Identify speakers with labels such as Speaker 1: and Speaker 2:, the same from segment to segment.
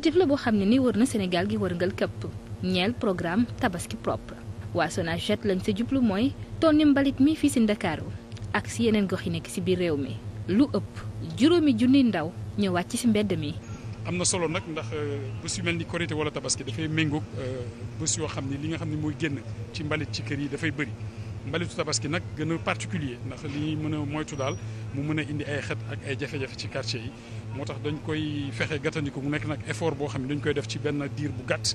Speaker 1: initiative la boo xam ne ni wër na Sénégal gi wërngal këpp ñeel programme tabaski propre waa SONAGED lañ sa jublu mooy ni mbalit mi fii si Ndakaaru ak si yeneen gox yi nekk si biir réew mi lu ëpp juróomi junni ndaw ñoo wàcc si mbedd mi.
Speaker 2: am na solo nag ndax euh, bés yu mel ni korité wala tabaski dafay méngoog euh, bés yoo xam ni li nga xam ne mooy génn ci mbalit ci kër yi dafay bëri. mbalitu tabaski nag gën a particulier ndax li mën a moytu daal mu mën a indi ay xet ak ay jafe-jafe ci quartier yi moo tax dañ koy fexe gàttandiku mu nekk nag effort boo xam ne dañ koy def ci benn diir bu gàtt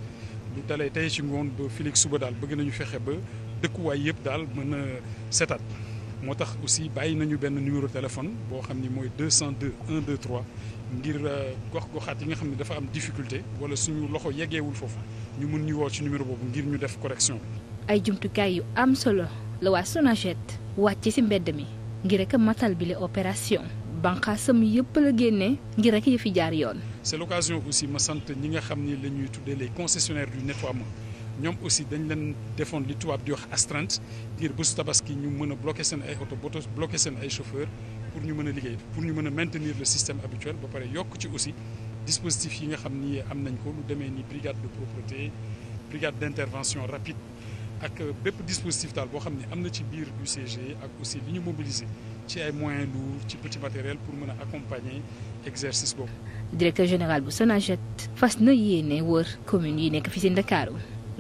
Speaker 2: lu dalee tey ci ngoon ba filig suba daal bëgg nañu fexe ba dëkkuwaay yëpp daal mën a setaat moo tax aussi bàyyi nañu benn numéro téléphone boo xam ni mooy 202 123 ngir euh, gox goxaat yi nga xam ne dafa am difficulté wala suñu loxo yeggeewul foofu ñu mën ñu woo ci numéro boobu ngir ñu def correction bi
Speaker 1: ay jumtukaay yu am solo la waa SONAGED wàcce ci mbedd mi ngir rek matal bi la opération banqaasam yëpp la génne ngir rek fi jaar yoon.
Speaker 2: c'est l'occasion aussi ma sant ñi nga xam ni la ñuy tuddee les concessionnaires du nettoiement ñoom aussi dañ leen defoon li tubaab di wax astreinte ngir bésu tabaski ñu mën a bloquer seen ay oto bloquer seen ay chauffeurs pour ñu mën a liggéey pour ñu mën a maintenir le système habituel ba pare yokk ci aussi dispositif yi nga xam ni am nañ ko lu demee ni brigade de propreté brigade d'intervention rapide. ak bépp dispositif daal boo xam ne am na ci biir UCG ak aussi li ñu mobiliser ci ay moyens lourds ci petit matériel pour mën a accompagner exercice boobu.
Speaker 1: directeur général bu Sonaget fas na yéene wër communes yi nekk fi si Ndakaaru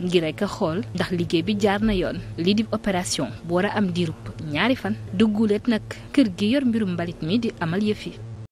Speaker 1: ngir rek xool ndax liggéey bi jaar na yoon lii di opération bu war a am diirub ñaari fan dugguleet nag kër gi yor mbirum mbalit mi di amal yëf yi.